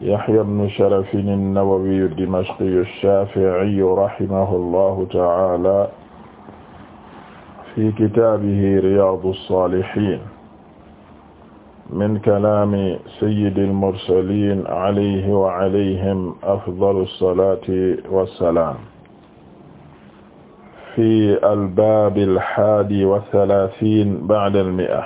Yahya ibn Sharaf an-Nawawi ad-Dimashqi ash-Shafi'i rahimahullahu ta'ala fi kitaabihi Riyaadu s-Saalihiin min kalaami sayyidil mursaliin alayhi wa alayhim afdalu s-salaati wa s-salaam fi al-baabi al-haadi wa s-salaasiin ba'da al-mi'a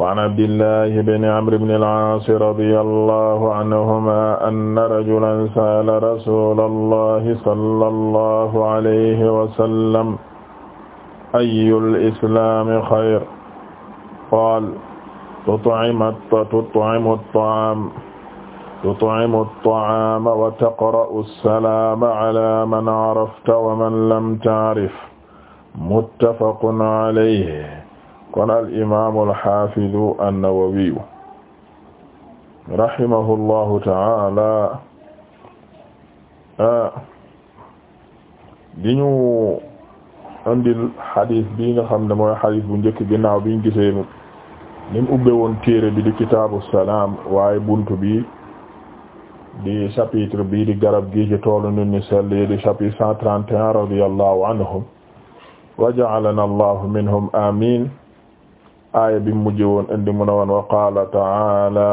وعن عبد الله بن عمرو بن العاص رضي الله عنهما أن رجلا سأل رسول الله صلى الله عليه وسلم أي الإسلام خير قال تطعم تطعم الطعام تطعم الطعام وتقرأ السلام على من عرفت ومن لم تعرف متفق عليه kon al imaamu alxafidu annawawiyu rahimahu di ñu andil bi nga xam ne mooy xadis bu njëkk ginnaaw biñ gisee ni woon téere bi di kitaabu salaam waaye buntu bi di chapitre bi di garab gi ci toolu nit ñi selli di chapitre cent trente et un anhum wa ja'alana allahu minhum amin aaya bi mujj woon indi mu ne woon wa qaala ta'aala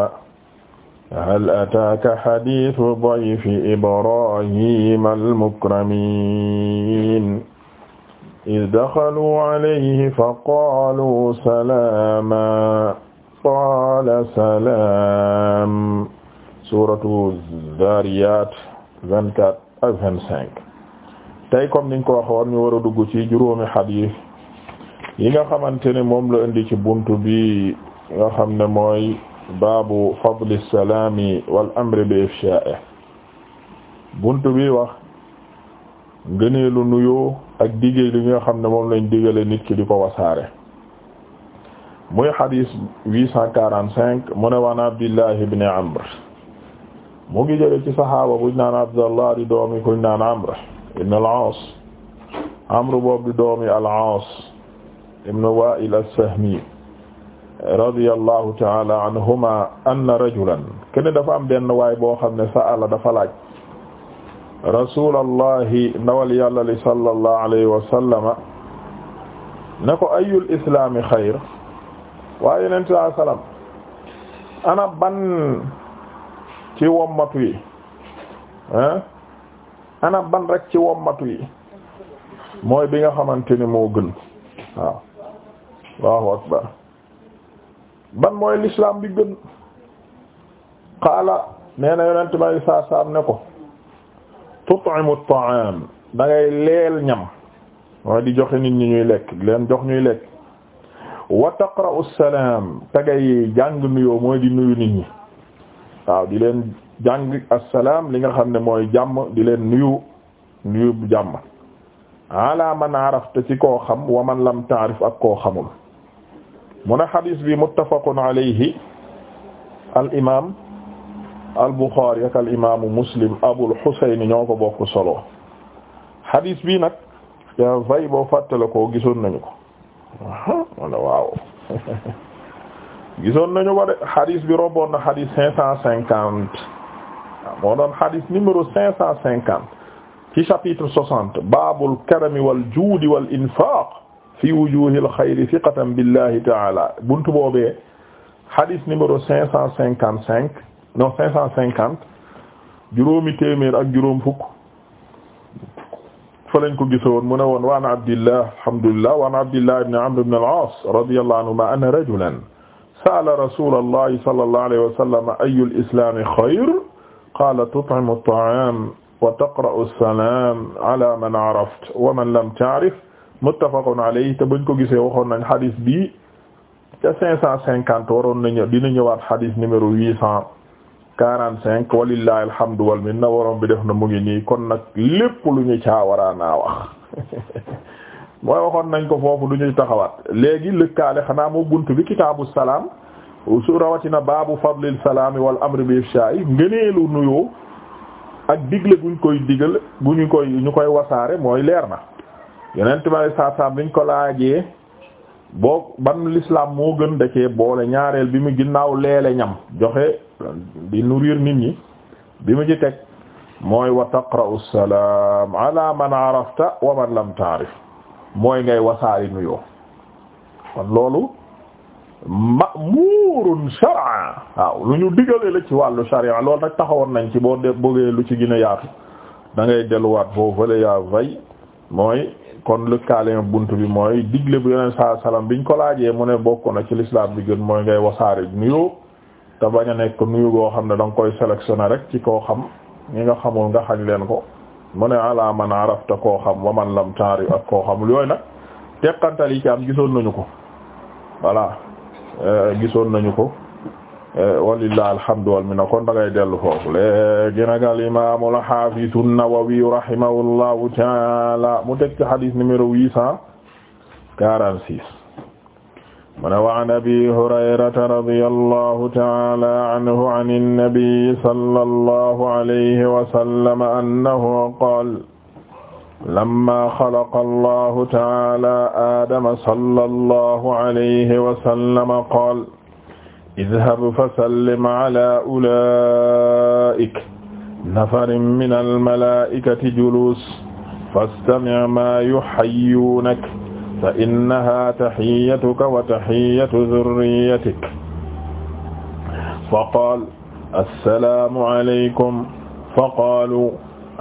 hal ataaka hadiisu dayfi ibraahiima al-mukramiin iz daxaluu alayhi faqaaluu salaaman qaala salaam suuratu zaariyaat 24 ak 25 tey comme niñ ko waxoon ñu war a dugg ci juróomi hadiis yi nga xamante ne moom la indi ci buntu bi nga xam ne mooy baabu fadli salaami wal amri bi ifshaa'i buntu bi wax ngëneelu nuyo ak digee li nga xam ne moom lañ digale nit ki di ko wasaare muy xadis 845 mu ne waan abdillahi ibn amr mu ngi jële ci saxaaba buñ naan abdallah di doomi kuñ naan amr ibn al-aas amr boobu di doomi al-aas ibn Wa'il as-Sahmi radiyallahu ta'ala anna rajulan kenn dafa am benn waay boo xam ne sa'ala dafa laaj rasulallahi ndawal yàlla li sallallahu alayhi wa sallama ne ko ayul islaami xayr waaye yonent saa sallam ana ban ci wommatu yi ah ana ban rek ci wommatu mooy bi nga xamante ni moo gën Allahu akbar ban mooy lislaam bi gën qaala nee na yonent may saa ne ko tut'imu at-ta'am leel ñam mooy di joxe nit ñi ñuy lekk di leen jox ñuy lekk wa taqra'u as-salaam te jàng nuyoo mooy di nuyu nit ñi waaw di leen jàng assalaam li nga xam ne mooy jàmm di leen nuyu nuyu bu jàmm ala man arafta ci koo xam wa man lam ta'rif ak koo xamul mu ne xadis bi muttafaqun alayhi al imaam al buxaari ak al imaamu muslim abul xusayn ñoo ko solo xadis bi nag yaa vay boo fàttale ko gisoon nañu ko wala waaw gisoon nañu ko de bi romboon na xadis cinq cent cinquante doon xadis numéro cinq cent cinquante ci chapitre soixante baabul karami wal juudi fi wujuhil xayri thiqatan billahi taala buntu boobee hadith numéro cinq cent cinquante cinq non cinq cent cinquante juróomi téeméer ak juróom fukk fa lañ ko gisoon mu ne woon wa an abdillah alhamdulillah wa an abdillah ibn amr ibn al-aas radiyallahu anhuma anna rajulan sa'ala rasulallahi sallallahu alayhi wa sallam ayyul islami xayr qala tut'imu at-ta'am wa taqra'u as-salam ala man arafta wa man lam ta'rif muttafaqun alayhi te bañ ko gisee waxoon nañ xadis bii ca cinq cent cinquante waroon nañu dina ñëwaat xadis numéro huit cent quarante cinq walillahi alhamdu wal minna waroon bi def na mu ngi nii kon nag lépp lu ñu caa waraanaa wax mooy waxoon nañ ko foofu lu ñuy taxawaat léegi lëkkaale xanaa moo bunt bi kitaabu salaam su rawatina baabu fadlil salaami wal amri bi ifshaa'i ngëneelu nuyoo ak digle guñ koy digal bu ñu ñu koy wasaare mooy leer na yeneen tubaab saa saa ko laajee boo ban lislaam moo gën da boole ñaareel bi mu ginnaaw leele ñam joxe di nourrir nit ñi bi mu ci teg mooy wa taqra'u salaam ala arafta wa man lam taarif mooy ngay wasaari nuyoo kon loolu ma'murun shar'an waaw lu ñu digale la ci wàllu sharia lool nag taxawoon nañ ci boo bëggee lu ci gën a yaatu da ngay delluwaat foofu la yaa vay mooy kon lëkkaaleem bunt bi mooy digle bu yeneen saa salaam biñ ko laajee mu ne bokk na ci lislaam bi gën mooy ngay wasaare nuyoo te bañ a nekk nuyu goo xam ne danga koy sélectionné rek ci koo xam ñi nga xamul nga xañ leen ko mu ne ala man arafta koo xam wa man lam taari ak koo xamul yooyu nag teqantal yi ci am gisoon nañu ko voilà euh, gisoon nañu ko Eh, walillahi alhamdu wal minna kon dangay dellu foofu léegi nag al imam al hafiz an-Nawawi rahimahullahu ta'ala mu teg ci hadith numéro huit cent quarante-six mu ne wa an abi hurayrata radiyallahu ta'ala anhu an an-nabi sallallahu alayhi wa sallam annahu qala lamma xalaqa allahu ta'ala aadama sallallahu alayhi wa sallam qala idhab fasallim ala ulaa'ika nafarin min almalaa'ikati julus fastami' maa yuhayyuunak fa innahaa tahiyyatuka wa tahiyyatu dhurriyyatik faqaal assalaamu alaykum faqaaluu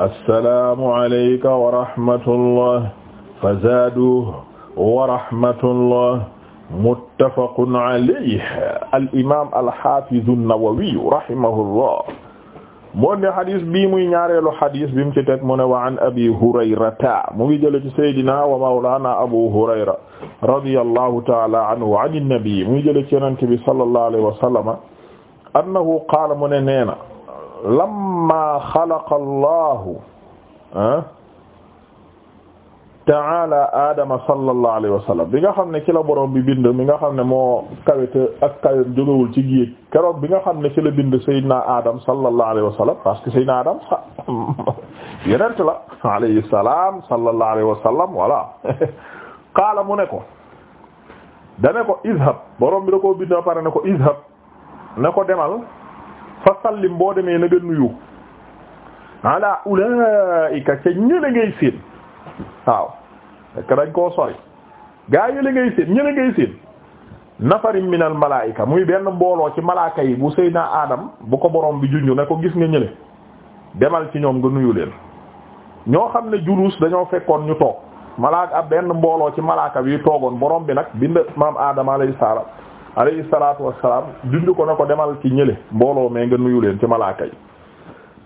assalaamu alayka wa rahmatullah fa zaaduuhu wa rahmatullah muttafaqun alayhi al imaam al haafiz an-Nawawi rahimahullah moo ne xadis bii muy ñaareelu xadis bi mu ci teg mu ne wa an abi hurayrata mu ngi jële ci saydina wa mawlana abu hurayra radiyallahu taala anhu an innabi mu ngi jële ci yonente bi sallallahu alayhi wa sallama annahu qaala mu ne nee na lamma xalaqa allahu ah ta'ala Adama sallallahu alayhi wa sallam bi nga xam ne ci la borom bi bind mi nga xam ne moo kawete ak kawe jógewul ci géej keroog bi nga xam ne ci la bind Seydina Adam sallallahu alayhi wa sallam parce que Seydina Adam yenent la alayhi salaam sallallahu alayhi mu ne ko dane ko bi da koo ko ko demal fa boo demee na nga nuyu ca ñële ngay seen waaw fekk dañ koo sori gaa yële ngay séen ñële ngay séen nafarin min al muy benn mbooloo ci malaaka yi bu sëy naa bu ko borom bi junj na ko gis nga ñële demal ci ñoom nga nuyu leen ñoo xam ne julus dañoo fekkoon ñu toog malaaka benn mbooloo ci malaaka bi toogoon boroom bi nag bind maam aadama alayhi salaam alayhi salaatu wassalaam junj ko ne ko demal ci ñële mbooloo mee nga nuyu leen ci malaaka yi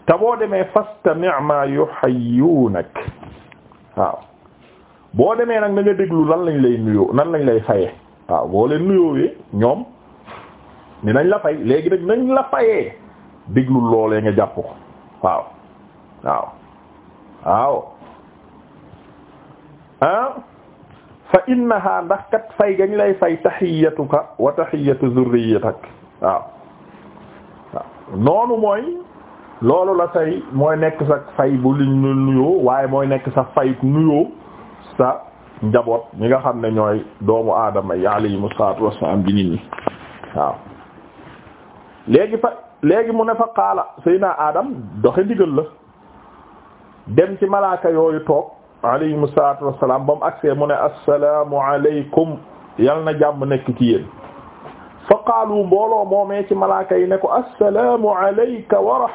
te boo demee fastami' ma yuhayyunak waaw boo demee nag na nga déglu lan lañ lay nuyoo nan lañ lay fayee waaw boo leen nuyoowee ñoom dinañ la fay léegi nag nañ la fayee déglu loolee nga jàpp ko waaw waaw waaw ah fa innaha ndax kat fay gañ lay fay taxiyatuka wa taxiyatu zurriyatak waaw waaw noonu mooy loolu la say mooy nekk sa fay bu liñ nuyoo waaye mooy nekk sa fay nuyoo sa njaboot ñi nga xam ne ñooy doomu aadama yi alayhimu salaatu wassalaam bi nit ñi waaw léegi fa léegi mu ne fa xaala Seydina Adam doxe ndigal la dem ci malaaka yooyu toog alayhimu salaatu salaam ba ak agsee mu ne assalaamu alaykum yal na jàmm nekk ci yéen fa qaalu mbooloo moomee ci malaaka yi ne ko assalaamu alayka wa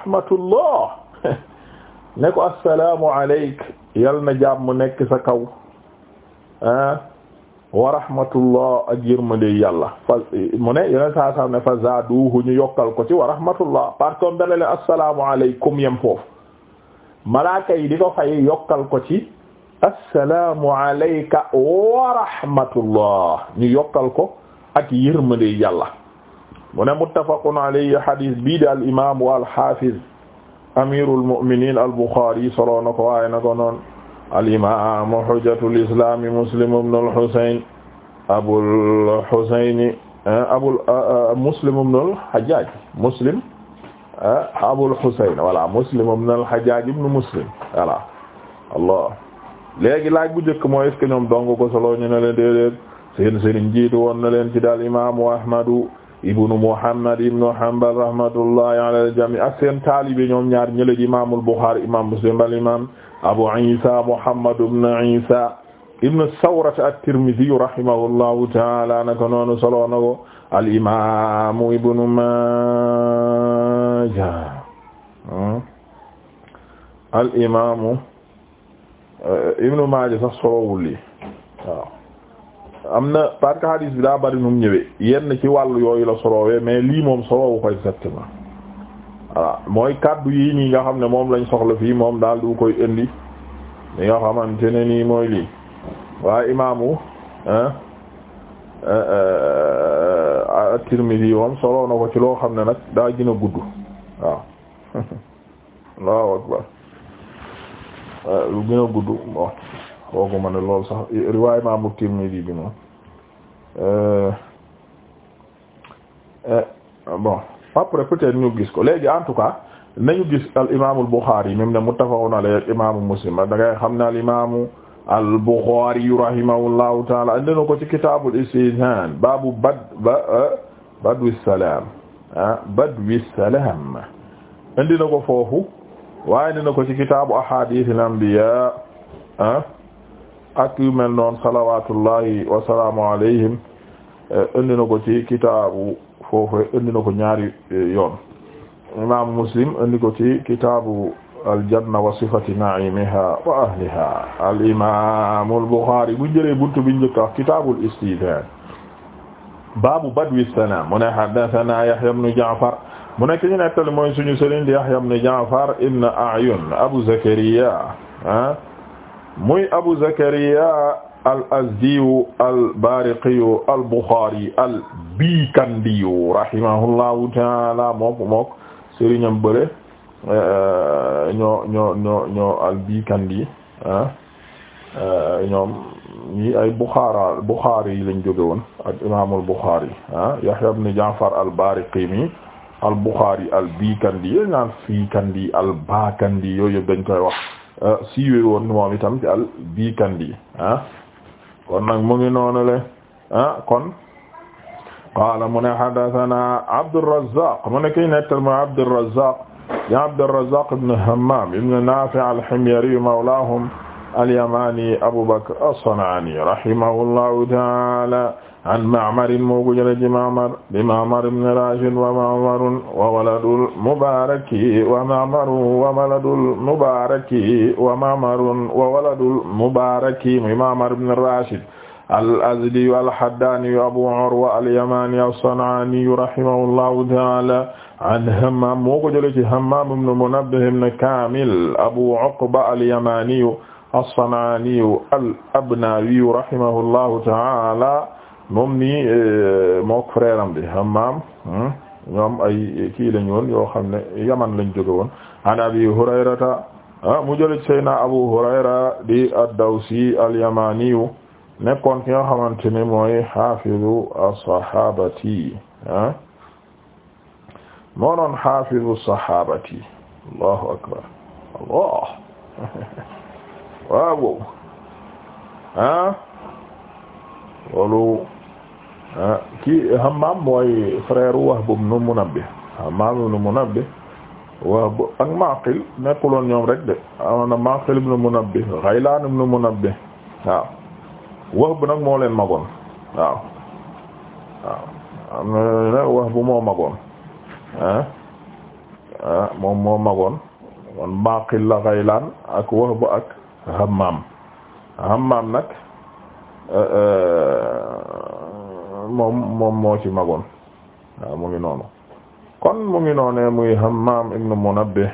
ne ko assalaamu alayka yal na jàmm nekk sa kaw Ah, wa rahmatullah ak yërmande yàlla fa mu ne yeneen saa fa zaaduhu ñu yokkal ko ci wa rahmatullah parce que beneen assalaamu alaykum yem foofu malaaka yi ko fay yokkal ko ci assalaamu alayka wa rahmatullah ñu yokkal ko ak yërmande yàlla mu ne muttafaqun alayhi hadis bii daal imaam wal haafiz amirul mu'minin al solo na ko waaye na ko alimamu hujjatul islami muslim ibn al-Husayn abul Husayn eh, abul eh, eh, muslim ibn al-Hajjaj muslim abul Husayn voilà muslim ibn al-Hajjaj ibn muslim voilà Allah léegi laaj bu njëkk mooy est-ce que ñoom dong ko solo ñu ne leen déedéet seen sëriñ jiitu woon na leen ci daal imaamu Ahmadu ibnu Muhammad ibnu Hanbal rahmatullahi ala al-jami' ak seen taalibe ñoom ñaar ñële di imam al-Bukhari imam Muslim al imam Abu Isa Muhammad ibn Isa ibnu Sawra at-Tirmidhi rahimahullahu ta'ala naka noonu solo na ko al-imam ibnu Majah al-imam ibnu Majah sax solowul li waaw am na parce que hadis bi daa bari nu mu ñëwee yenn ci wàllu yooyu la solowee mais lii moom solowu ko exactement voilà mooy kàddu yi nii nga xam ne moom lañ soxla fii moom daal du koy indi li nga xamante ne mooy lii waaye imaamu at-Tirmidhi moom soloo na ko ci loo xam ne nag daa gën a gudd waaw Allahu akbar lu gën a gudd bon fooguma ne loolu sax riwaay imaamu Tirmidi bi moom eh, eh, bon après peut-être ñu gis ko léegi en tout cas nañu gis al imaamul Buxaari même ne muttafaqun alayhi imaamu Muslim da ngay xam ne al imaamu al Buxaari rahimahullahu taala ko ci kitaabul istizaan baabu bad ba eh, salaam ah badwi salaam andi na ko foofu waaye andi ko ci kitaabu ahadiisil anbiyaa ah. ak yu mel noon salawatullahi wasalaamu alayhim eh, indi na ko ci kitaabu foofu indi na ko ñaari eh, yoon imam muslim indi ko ci kitaabu aljanna wa sifati naimiha wa ahliha alimamu albuxaari bu jëlee buntu bi njëkk wax kitaabul istizaan baabu badwi salaam mu ne haddasanaa yahya ibnu jaafar mu nekk ñu nettali mooy suñu sëriñ di yahya ibnu jaafar ibnu ayun abu zakariya ah, muy Abu Zakariya al-Azdiyu al-Bariqiyu al-Bukhari al-Bikandiyu rahimahullahu ta'ala mook mook sëriñam bële euh, ñoo ñoo ñoo ñoo al-Bikandi ah, euh, ñoom ñi ay Bukhara Bukhari yi lañ jóge woon ak imaamul Bukhari ah Yahya ibn Ja'far al-Bariqi mi al-Bukhari al-Bikandi yéen al-Bakandi yooyu yëpp dañ koy wax. Ah, siiwee woon moom itam ci al Bikandi ah kon nag mu ngi noonu le ah kon qaala mu ne hadathana Abdurrazzaq mu ne kii nettal mu Abdurrazzaq ya Abdurrazzaq ibn Hammam ibn Nafi' al-Himyari mawlahum al-Yamani Abu Bakr as-San'ani rahimahullahu ta'ala an Ma'mar moo ko jëlee ci Ma'mar di Ma'mar ibn Rashid wa Ma'mar wa waladul Mubarak wa Ma'mar wa waladul Mubarak wa Ma'mar wa waladul Mubarak muy Ma'mar ibn Rashid al-Azdi al-Haddani Abu Urwa al-Yamani as-San'ani rahimahullahu ta'ala an Hammam moo ko jëlee ci Hammam ibn Munabbih ibn Kamil Abu Uqba al-Yamani as-San'aaniyu al-Abnaawiyu rahimahullahu ta'ala moom nii e, mook frère am bi Hammaam hmm? ñoom ay kii lañu woon yoo xam ne Yaman lañ jóge woon an Abi Hurayrata mu jële Seydina Abu Hurayra di ad-Dawsi al-Yamaaniyu nekkoon ki nga xamante ne mooy xaafidu as-sahaabati ah moo doon xaafidu as-sahaabati Allahu akbar Allah waaw ah loolu ah kii Hammaam mooy frère Wahb ibn Munabbih Hammaam ibn Munabbih Wahb ak Maqil nekkuloon ñoom rek de amoon na Maqil ibn Munabbih Ghaylaan ibn Munabbih waaw Wahb nag moo leen magoon waaw waaw am na Wahb moo magoon ah ah moo magoon kon la Ghaylaan ak Wahb ak Hammam Hammam nag euh, euh, moom moom moo ci magoon waaw mu ngi noonu kon mu ngi noonee muy Hammam ibn Munabbih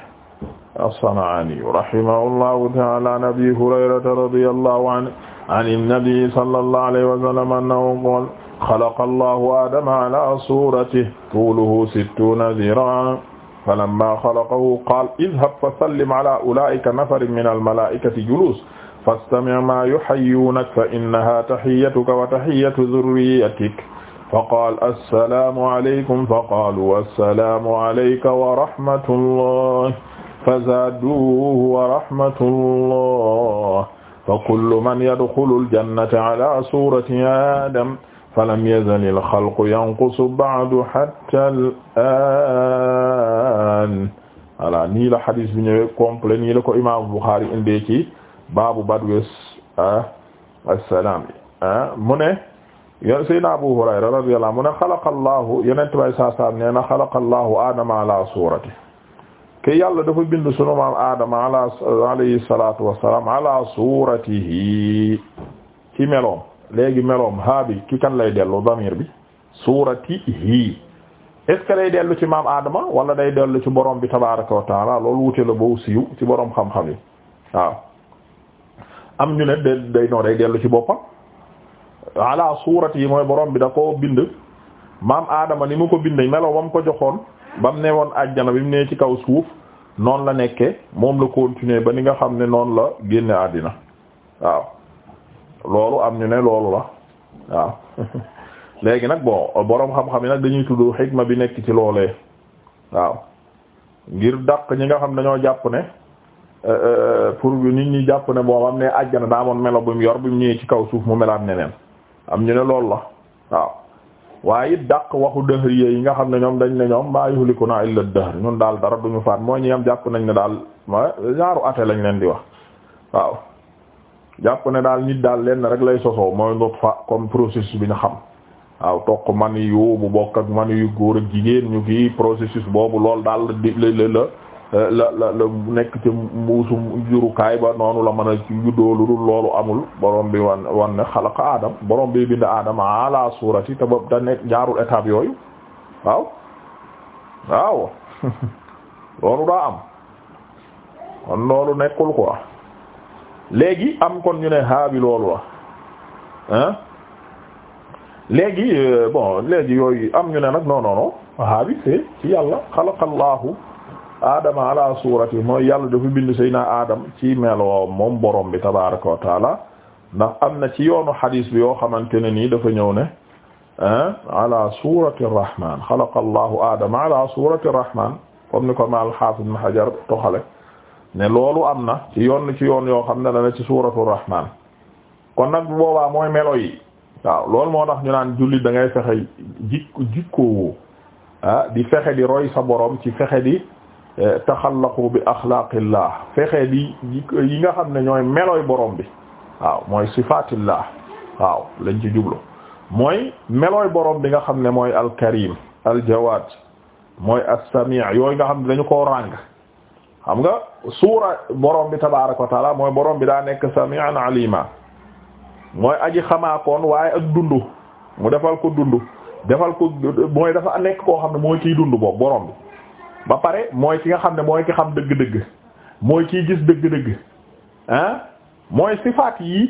as-San'aani rahimahullahu ta'aala an Abi Hurayrata radiyallahu anhu an an-nabi sallallahu alayhi wa sallam annahu qaala xalaqa Allahu Aadama ala suuratihi tuuluhu sittuuna ziraa'an falamma xalaqahu qaal idhab fa sallim ala ulaa'ika nafarin min almalaa'ikati juluus fastami' maa yuhayyuunak fa innahaa tahiyyatuka wa tahiyyatu dhurriyyatik faqaal assalaamu aleykum faqaaluu assalaamu aleyka wa rahmatullah fazaaduuhu wa rahmatullah fa kullu man yadxulu aljannata ala suurati aadam falam yazal al-xalqu yanqusu ba'du hatta al-aan voilà nii la xadis bi ñëwee complet nii la ko imaamu Buxaari indee ci baabu badwis ah, assalaam ah, mu ne yon Seydina Abu Hurayra radiyallahu anhu mu ne xalaqa Allahu Yonent bi saa saa nee na xalaqa Allahu Aadama ala suurati ke yàlla dafa bind sunu maam Aadama ala alayhi salaatu wa salaam ala suuratihi ci meloom. léegi meloom haa bi ki kan lay dellu damir bi suurati hi est dellu ci maam aadama wala day dellu ci borom bi tabaaraka wa loolu wutee la boo siiw ci borom xam-xam yi waaw am ñu ne day day noo day dellu ci boppam ala suurati yi mooy borom bi da koo bind maam aadama ni mu ko bind melo ba mu ko joxoon ba mu ne woon àjjana bi mu nee ci kaw suuf noonu la nekke moom la continuer ba ni nga xam ne noonu la génne àddina waaw. loolu am ñu ne loolu la waaw léegi nag bon boroom xam-xam yi nag dañuy tudd xikma bi nekk ci loolee waaw ngir dàq ñi nga xam dañoo jàpp ne euh, euh, pour nit ñi jàpp ne boo am ne àjjana daa melo bu mu yor bu mu ñëwee ci kaw suuf mu melaat neneen am ñu ne loolu la waaw waaye it dàq waxu dëhër yi nga xam ne ñoom dañ ne ñoom maa yuhlikuna illa ad-dahr ñun daal dara duñu faat moo ñi am jàpp nañ ne daal genre ate lañ leen di wax waaw jàpp ne daal nit daal lenn rek lay sosoo mooy nutfa comme processus bi na xam waaw toq man yu bu bokk ak man yu góor jigéen ñu kii processus boobu lool daal la la nekk ci mbuusum jurukaay ba noonu la mën a juddoo loolu amul borom bi wan wan ne xalaqa aadam borom bi bind aadam ala suurati te ba nekk jaarul étape yooyu waaw waaw loolu daa am kon loolu nekkul quoi. léegi am kon ñu ne haa bi loolu la ah léegi euh, bon léegi yooyu am ñu ne nag non non non haa bi c'est ci yàlla xalaqallahu adama ala surati mooy yàlla dafa bind sëy naa adam ci melo moom borom bi tabaraka wa ndax am na ci yoonu xadiis bi yoo xamante ne nii dafa ñëw ne ala surati rahman xalaqallahu adama ala surati rahman comme ni ko ma al hafiz ibn hajar toxale ne loolu am na ci yoon ci yoon yoo xam ne dana ci suuratul rahmaan kon nag boobaa mooy melo yi waaw loolu moo tax ñu naan jullit da ngay fexe jikko jikkoowoo ah di fexe di roy sa boroom ci fexe di eh, taxallaqu bi axlaaqillah fexe di jikko yi nga xam ne ñooy meloy borom bi waaw mooy sifatillah waaw lañ ci jublu mooy melooy borom bi nga xam ne mooy alkarim aljawaad mooy assami yooyu nga xam ne dañu koo ràng xam nga suura borom bi tabaaraka wa taala mooy borom bi daa nekk sa sami'an alima mooy aji xamaakoon waaye ak dundu mu defal ko dundu defal ko mooy dafa nekk koo xam ne mooy kiy dund boobu borom bi ba pare mooy ki nga xam ne mooy ki xam dëgg-dëgg mooy kiy gis dëgg-dëgg ah mooy sifaat yii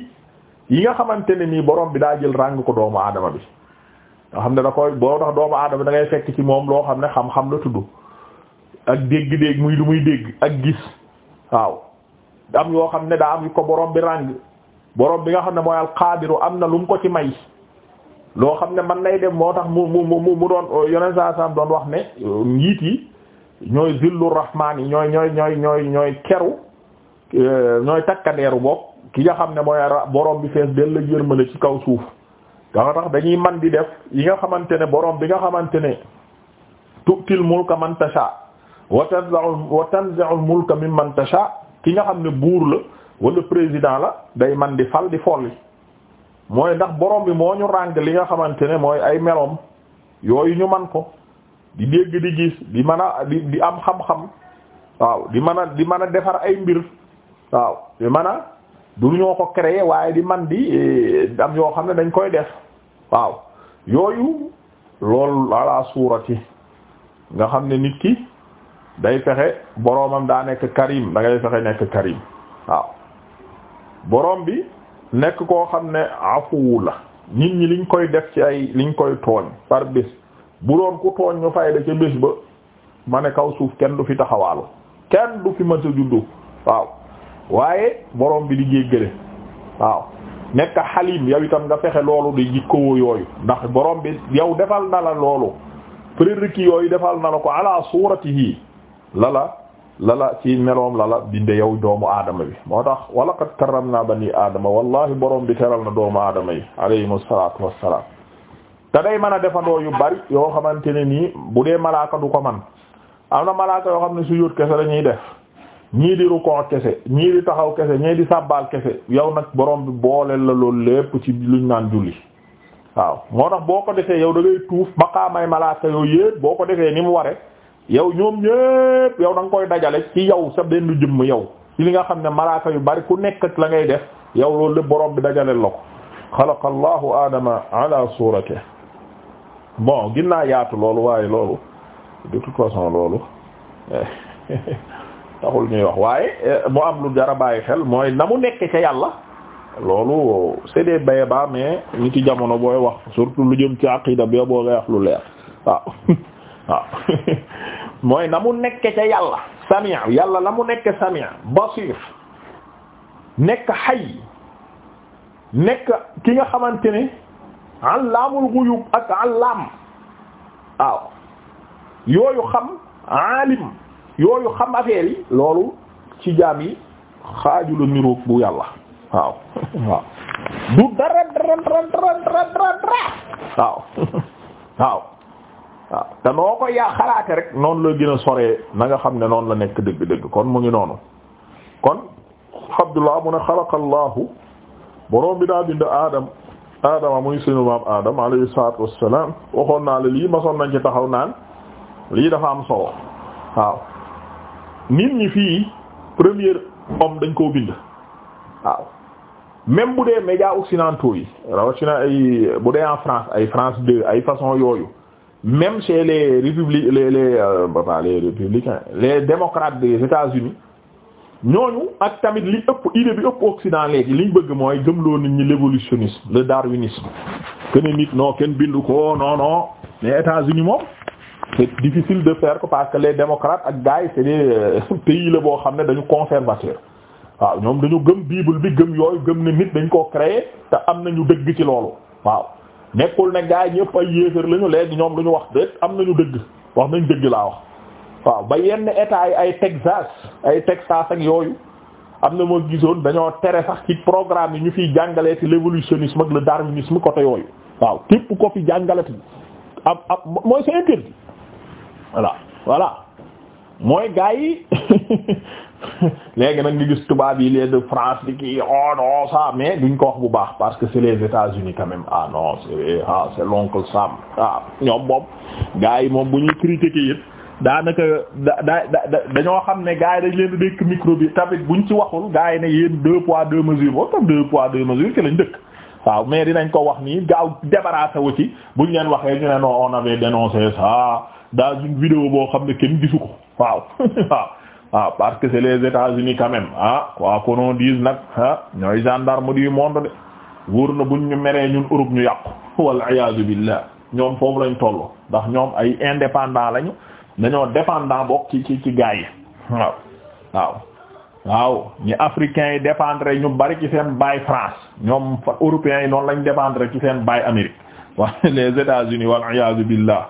yi nga xamante ne nii borom bi daa jël ràng ko doomu aadama bi xam ne da koy boo tax doomu aadama da ngay fekk ci moom loo xam ne xam-xam la tudd ak dégg-dégg muy lu muy dégg ak gis waaw am yoo xam ne daa am ko borom bi ràng borom bi nga xam ne mooy alqaadiru am na lu mu ko ci may loo xam ne man nay dem moo tax mu mu mu mu doon yoneen saa saam doon wax ne njiit yi ñooy zillu rahmaan yi ñooy ñooy ñooy ñooy ñooy keru euh, ñooy takkandeeru bopp ki nga xam ne mooy borom bi fees del la yërmale ci kaw suuf nga tax dañuy man di def yi nga xamante ne boroom bi nga xamante ne tuktil mulka man tasha wa tanza'u wa tanzi'u al-mulka mimman tasha ki nga xam ne buur la wala président la day man di fal di folli mooy ndax borom bi moo ñu ràng li nga xamante ne mooy ay meloom yooyu ñu man ko di dégg di gis di mën a di di am xam-xam waaw di mën a di mën a defar ay mbir waaw di mën a du ñoo ko créer waaye di man di eh, am yoo xam ne dañ koy def waaw yooyu loolu ala suurati nga xam ne nit ki day fexe boroomam daa nekk karim da ngay fexe nekk karim waaw boroom bi nekk koo xam ne afuwu la nit ñi liñ koy def ci ay liñ koy tooñ par bés bu doon ku tooñ ñu fay da ca bés ba ma ne kaw suuf kenn du fi taxawaalu kenn du fi ma sa juddu waaw waaye boroom bi di jéggale waaw nekk xalim yow itam nga fexe loolu di jikkoo yooyu ndax boroom bi yow defal na la loolu prérequis yooyu defal na la ko ala suratihi lala lala ci meloom lala binde yow doomu aadama bi moo tax wa laqad karramna bani aadama wallahi borom bi teral na doomu aadama yi alayhimu salaatu wassalaam te day man a defandoo yu bari yoo xamante ne nii bu dee malaaka du ko man am na malaaka yoo xam ne su yóot kese lañuy def ñii di rukkoo kese ñii di taxaw kese ñii di sàbbaal kese yow nag borom bi booleel la loolu lépp ci luñ naan julli waaw moo tax boo ko defee yow da ngay tuuf maqaamay malaaka yooyu boo ko defee ni mu ware yow ñoom ñépp yow da nga koy dajale ci yow sa benn jëmm yow ci li nga xam ne malaaka yu bari ku nekk la ngay def yow loolu lépp borom bi dajaleel la ko xalaqa allahu adama ala suratihi bon ginnaa yaatu loolu waaye loolu de toute façon loolu taxul ñuy wax waaye eh, mu am lu dara bàyyi xel mooy na mu nekk ca yàlla loolu c'est des béyebaa mais ñi ci jamono booy wax surtout lu jëm ci aqida bi boo ngay wax lu leer waaw waaw mooy na mu nekke ca yàlla samia yàlla la mu nekke samia basir nekk xay nekk ki nga xamante ne allaamul guyub ak allaam waaw yooyu xam aalim yooyu xam affaire loolu ci jaam yi xaaju la niroog bu yàlla waaw waaw du dara dara dara dara waaw waaw te noo ko yaa xalaate rek noonu la gën a soree na nga xam ne noonu la nekk dëgg-dëgg kon mu ngi noonu kon du la mu ne xalaqa Allahu borom bi daa bind Adam Adama muy suñu maam Adam alayhi salaatu wassalaam waxoon naa lii masoon nañ ci taxaw naan lii dafa am solo waaw nit ñi fii premier homme dañ koo bind waaw même bu dee médias occidentaux yi rawatina ay bu dee en France ay France 2 ay façon yooyu. même chez les républi les les pas euh, les républicains les démocrates des États-Unis ñooñu ak tamit li ëpp idée bi ëpp Occident léegi liñ bëgg mooy gëmloo nit ñi l'évolutionnisme le darwinisme que nit non kenn bindu ko non non les États-Unis moom c'est difficile de faire ko parce que les démocrates ak gars yi c'est des euh, pays la boo xam ne dañu conservateur waaw ñoom dañu gëm bible bi gëm yooyu gëm ne nit dañ koo créer te am na ñu dëgg ci loolu waaw nekkul ne gaa yi ñëpp ay yéeféer lañu léegi ñoom lu ñu wax déet am nañu dëgg wax nañ dëgg laa wax waaw ba yenn état yi ay Texas ay Texas ak yooyu am na moo gisoon dañoo tere sax ci programme yi ñu fiy jàngalee ci l'évolutionnisme ak le darwinisme côté yooyu waaw képp ko fi jàngalati ab ab mooy c'est interdit voilà voilà mooy gaa yi léegi nag nga gis tubaab yi les de France di kii oh non ça mais duñ ko wax bu baax parce que c'est les États-Unis quand même ah non c'est ah c'est l'oncle Sam ah ñoom moom gars yi moom bu ñuy critiquer it daanaka da da da dañoo xam ne gars yi dañ leen di dëkk micro bi tamit buñ ci waxul gars yi ne yéen deux pois deux mesures boo tam deux poids deux mesures ci lañ dëkk. waaw mais dinañ ko wax nii gaaw débarrassé wu ci buñ leen waxee ñu ne non on avait dénoncé ça dans boo xam ne kenn gisu ko waaw. waaw ah, parce que c'est les États-Unis quand même ah quoi dise nag ah ñooy gendarme du monde de wóor na buñ ñu meree ñun Europe ñu yàqu wal iyaazu billah ñoom foofu lañ toll ndax ñoom ay indépendant lañu dañoo dépendant bokk ci ci ci gaay yi waaw waaw waaw ñi africains yi dépendre ñu bari ci seen baay France ñoom européens yi noonu lañ dépendre ci seen baay Amérique wa les États-Unis wal iyaazu billah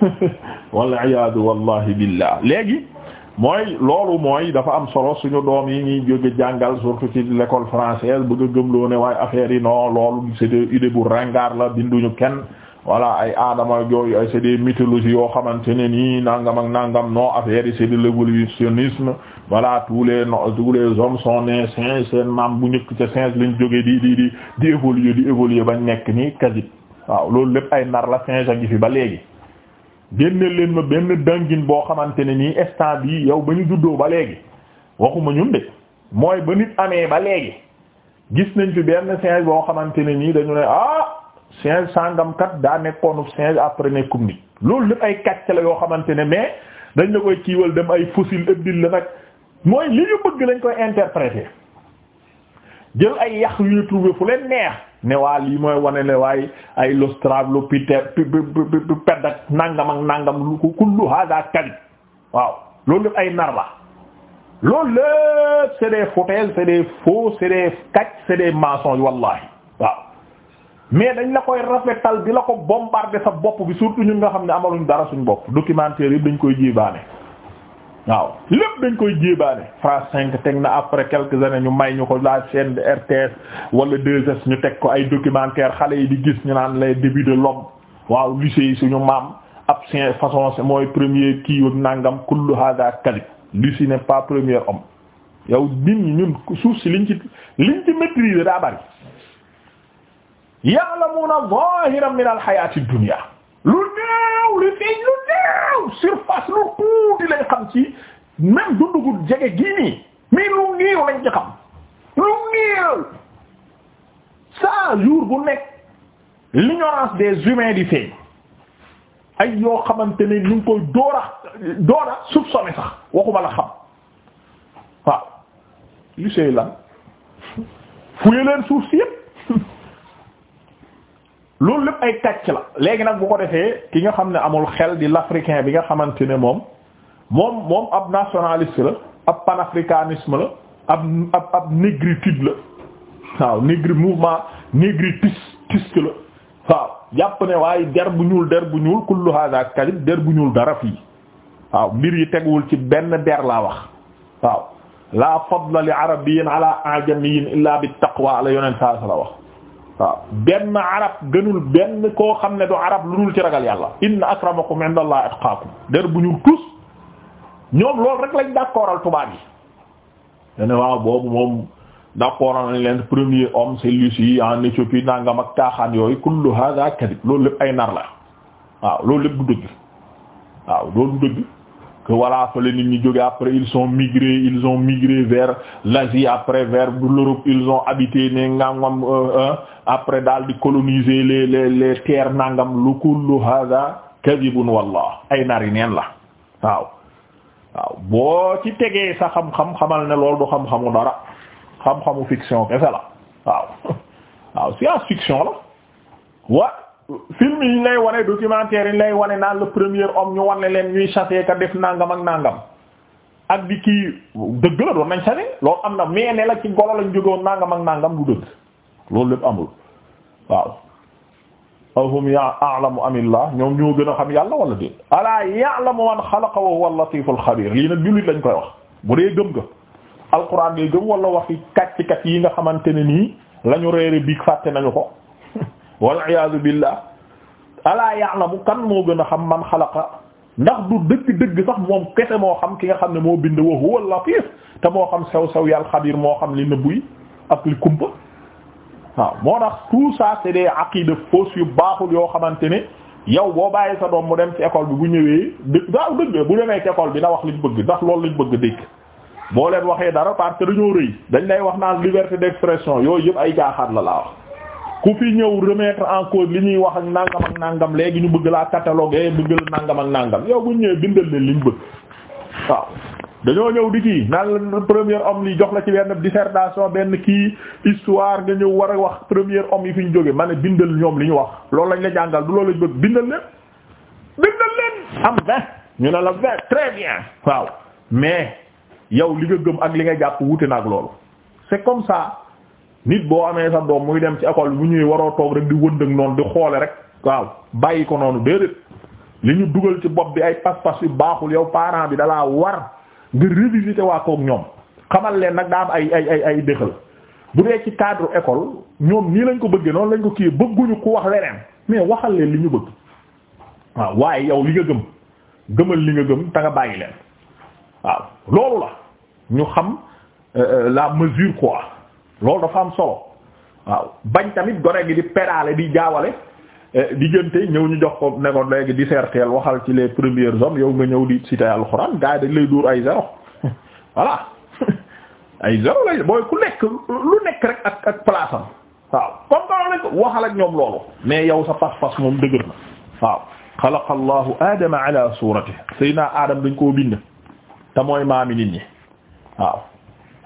wal iyaazu wallahi billah léegi mooy loolu mooy dafa am solo suñu doom yi ñuy jóge jàngal surtout ci l'école française bëgg a gëmloo ne waaye affaire yi non loolu c'est des idées bu ringard la binduñu kenn wala ay aadama yooyu ay c'est des mythologies yoo xamante ne nii nangam ak nangam no affaire yi c'est de l'évolutionnisme voilà tous les tous les hommes sont nés singes seen maam bu ñëkk ca singe lañ jóge di di di di évoluer di évoluer bañ nekk nii kasib waaw loolu lépp ay nar la singe a ngi fi ba léegi génneel leen ma benn dangin boo xamante ne nii instant bii yow ba ñu juddoo ba léegi waxuma ñun de mooy ba nit amee ba léegi gis nañ fi benn singe boo xamante ne nii dañu ne ah singe sàngam kat daa nekkoonu singe après nekkum nit loolu lépp ay kàcc la yoo xamante ne mais dañ la koy kiiwal dem ay fossile ëbdil la nag mooy li ñu bëgg lañ koy interpréter jël ay yàq yu ñu trouvé fu leen neex. ne waa lii mooy wane ne waaye ay l'Australopithèque ak nangam ak nangam lu ko kullu hada kadib waaw loolu lépp ay nar la loolu lépp c'est des foutaises c'est des faux c'est des kàcc c'est des mensonges waaw mais dañ la koy rafetal bi la ko bombarder sa bopp bi surtout ñun nga xam ne amaluñ dara suñ bopp documentaire yi dañ koy jibaane waaw lépp dañ koy jéebaane France 5 teg na après quelques années ñu may ñu ko la chaîne de RTS wala 2S ñu teg ko ay documentaire xale yi di gis ñu naan les début de l'homme waaw lycée yi suñu maam ab sin façon mooy premier kii wag nangam kullu hada kalib lycée ne pas premier homme yow nit ñi ñun suuf si liñ ci liñ ci maîtriser daa bari ya'lamuna zahiran min al hayati dunya yow li feeñ lu néew surface lu tuuti lañ xam ci même dundu gu jege gii nii mais lu néew lañ ci xam lu néew saa jour bu nekk l'ignorance des humains di feeñ ay yoo xamante ne ñu ngi koy door a door a soupçonné sax waxuma la xam waaw lu sey lan fuye leen suuf si yépp loolu lépp ay tàcc la léegi nag bu ko defee ki nga xam ne amul xel di l'africain bi nga xamante ne moom moom moom ab nationaliste la ab panafricanisme la ab ab ab négritude la waaw négri mouvement la waaw jàpp ne waaye der bu ñuul der bu ñuul kullu hada kadib der bu ñuul dara fii waaw mbir yi teguwul ci benn der laa wax waaw la fadla li arabiyyin ala ajamiyyin illa bit taqwa la yonent saa sa la wax waaw benn arab gënul benn koo xam ne du arab lu dul ci ragal yàlla inna akramakum indallahi atqaakum der bu ñuul tous ñoom loolu rek lañ d'accordal tubaab yi dene waaw boobu moom d'accordal nañ leen premier homme c'est Lucie en Éthiopie nangam ak taaxaan yooyu kullu hadha kadib loolu lépp ay nar la waaw loolu lépp du dëgg waaw loolu que voilà fa la nit ñi jóge après ils sont migrés ils ont migré vers l'Asie après vers l'Europe ils ont habité ne ngangam euh, euh, après daal di coloniser les les les terres nangam lu kullu hada kadibun wallah ay nari neen la waaw waaw boo ci tegee sa xam-xam xamal ne lool du xam-xamu dara xam-xamu fiction kese la waaw waaw science fiction la wa film yi ñu lay wane documentaire yi ñu lay wane naan le premier homme ñu wane leen ñuy chasser ka def nangam ak nangam ak di kii dëgg la doon nañ chasser loolu am na mais la ci golo lañ jógoon nangam ak nangam du dëgg loolu lépp amul waaw ahum ya am amillah ñoom ñoo gën a xam yàlla wala déet ala ya'lamu man xalaqa wa huwa al-latiful xabir lii nag jullit lañ koy wax bu dee gëm nga alquran ngay gëm wala waxi kàcc kat yi nga xamante ne nii lañu ñu réere fàtte nañu ko wal iyaadu billah alaa ya'lamu kan moo gën a xam man xalaqa ndax du dëgg-dëgg sax moom kese moo xam ki nga xam ne moo bind wa huwa al-latiif te moo xam sew-sew yàlla xabiir moo xam li nëbbu yi ak li kumpa waaw moo tax tout ça c'est des aqides fausses yu baaxul yoo xamante ni yow boo bàyyi sa doom mu dem ci école bi bu ñëwee dë daaw dëgg bu demee ci école bi na wax liñ bëgg ndax loolu lañ bëgg dégg boo leen waxee dara part que dañoo rëy dañ lay wax naan liberté d'expression yooyu yëpp ay jaaxaat la laa ku fi ñëw remettre en cause li ñuy wax ak nangam ak nangam léegi ñu bëgg laa cataloguer eh, bëgg la nangam ak nangam yow bu ñu ñëwee bindal leen ñu bëgg waaw. dañoo ñëw di kii naan la premier homme li jox la ci benn dissertation benn kii histoire nga ñëw war a wax premier homme yi fi ñu jógee ma ne bindal ñoom li ñu wax loolu lañ la jàngal du loolu lañ bëgg bindal leen bindal leen am vingt ñu ne la vingt très bien waaw mais yow li nga gëm ak li nga jàpp wute na ak loolu nit boo amee sa doom muy dem ci école bi bu ñuy waroo toog rek di wëndëg noonu di xoole rek waaw bàyyi ko noonu déedéet li ñu dugal ci bopp bi ay pas-pas yu baaxul yow parent bi dalaa war nga révisiter waa koog ñoom xamal leen nag daa am ay ay ay ay déxal bu dee ci cadre école ñoom nii lañ ko bëggee noonu lañ ko kii bëgguñu ku wax leneen mais waxal leen li ñu bëgg waaw waaye yow li nga gëm gëmal li nga gëm te nga bàyyi leen waaw loolu la ñu xam euh, euh, la mesure quoi loolu dafa am solo waaw bañ tamit gone gi di pédale di jaawale eh, diggante ñëw ñu jox ko nekkoon ko léegi disserteel waxal ci les premiers hommes yow nga ñëw di citer alxuraan gars yi lay dóor ay zéro voilà ay zéro lay booy ku nekk lu nekk rek ak ak place am waaw comme que waxal ak ñoom loolu mais yow sa pas-pas moom dëgër na waaw xalaqa allahu adama ala suratihi adam dañ koo bind te mooy maami nit ñi waaw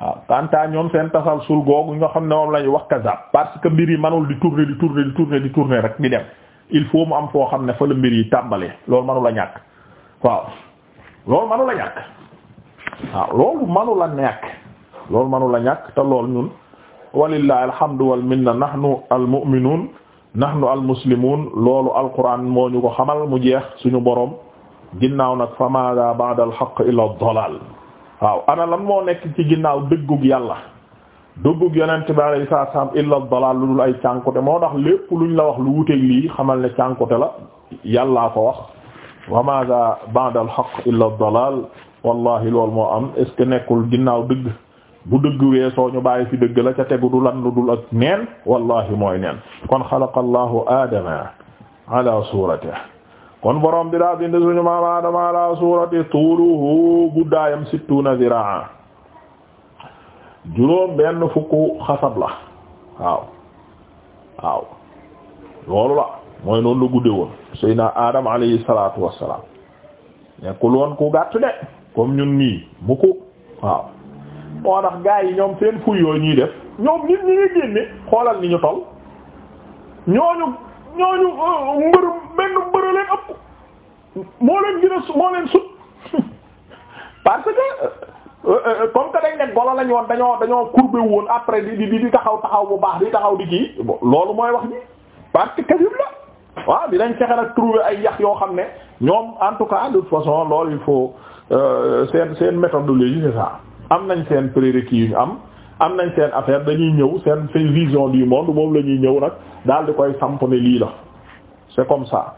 waaw kanta ñoom seen tasalsul googu ñoo xam ne moom lañuy ñu wax kazab parce que mbir yi manul di tourner di tourner di tourner di tourner rek di dem il faut mu am foo xam ne fa la mbir yi tàmbalee loolu manu la ñàkk waaw loolu manu la ñàkk lool loolu manu la ñàkk te lool ñun walillahi alhamdu wal minna nahnu al mu'minun al muslimun loolu alquran moo ñu ko xamal mu jeex suñu boroom ginnaaw nag fa maada ba'da al haqq illa ad-dalal waaw ana lan moo nekk ci ginnaaw dëggug yàlla dëggug yonent bi alayhi salaam illa dalal lu dul ay cànkute moo tax lépp luñ la wax lu wuteeg lii xamal ne cànkute la yàllaa ko wax wa maada ba'da al haqq illa dalal wallahi loolu moo am est que nekkul ginnaaw dëgg bu dëgg weesoo ñu bàyyi fi dëgg la ca tegu du lan lu dul ak neen wallahi mooy neen kon xalaqa allahu aadama ala suratihi kon boroom bi daa bind suñu maam Aadama ala suurati tuuluhu guddaayam sittuuna ziraa juróom benn fukk xasab la waaw waaw loolu la mooy noonu la gudde woon Seydina Adama alayhi salaatu wassalaam nekkul woon ku gàtt de comme ñun nii mukk waaw moo tax gaa yi ñoom seen fuy yooyu ñuy def ñoom nit ñi ngi génne xoolal ni ñu toll ñooñu ñooñu euh, mbër benn mbër leen ëpp moo leen gën a moo leen sut parce que euh, euh, comme que dañ ne golo lañ woon dañoo dañoo courbé woon après di di di taxaw taxaw bu baax di taxaw di kii loolu mooy wax ji parce que kasib la waaw dinañ fexe trouver ay yax yoo xam ne ñoom en tout cas de toute façon loolu il faut seen seen méthodologie c'est ça am nañ seen prérequis yu ñu am am nañ seen affaire dañuy ñëw seen seen vision du monde moom la ñuy ñëw nag daal di koy samp ne lii la c'est comme ça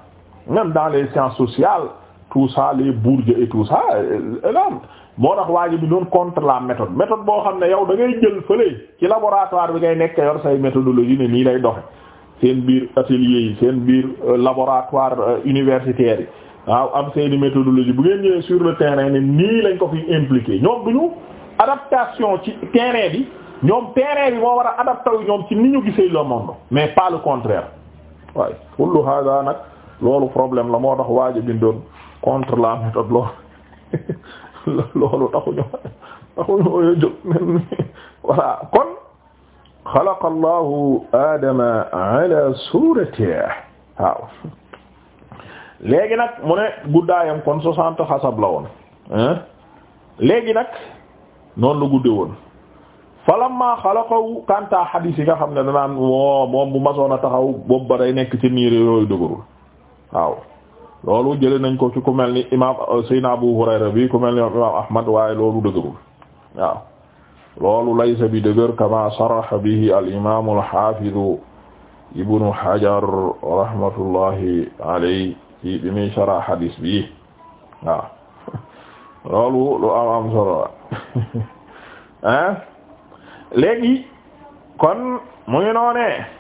même daal les sciences sociales tout ça les Bourdieu et tout ça euh, lan moo tax waa ji bi doon contre la méthode méthode boo xam ne yow da ngay jël fële ci laboratoire bi ngay nekk yor say méthodologie ne nii lay doxe seen biir atelier yi seen biir euh, laboratoire euh, universitaire yi waaw am seeni méthodologie bu ngeen ñëwee sur le terrain ne nii lañ ko fi impliqué ñoom duñu adaptation ci terrain bi ñoom terrain bi moo war a ñoom ci ni ñu gisee le monde mais pas le contraire waaye kullu hada nag loolu problème la moo tax waaja bindoon contre la méthode loolu loolu taxuñu taxuñu jóg men voilà kon xalaqa allahu adama ala suratihi waaw léegi nag mu ne guddaayam kon soixante xasab la woon léegi nag noonu la gudde woon falamma xalaqahu kanta xadiis yi nga xam ne danaan moo moom bu masoon a taxaw boobu nekk ci niir yooyu dëgërul waaw loolu jële nañ ko ci ku mel ni imaam euh, Seydina Abu Hurayra bi ku mel ni imaam Ahmad waaye loolu dëgërul waaw loolu laysa bi dëgër kama saraha bihi al imaamu al xaafidu ibnu Hajar rahmatullahi bi muy sarah xadiis bi waaw loolu lu am solo la léegi kon mu ngi noonee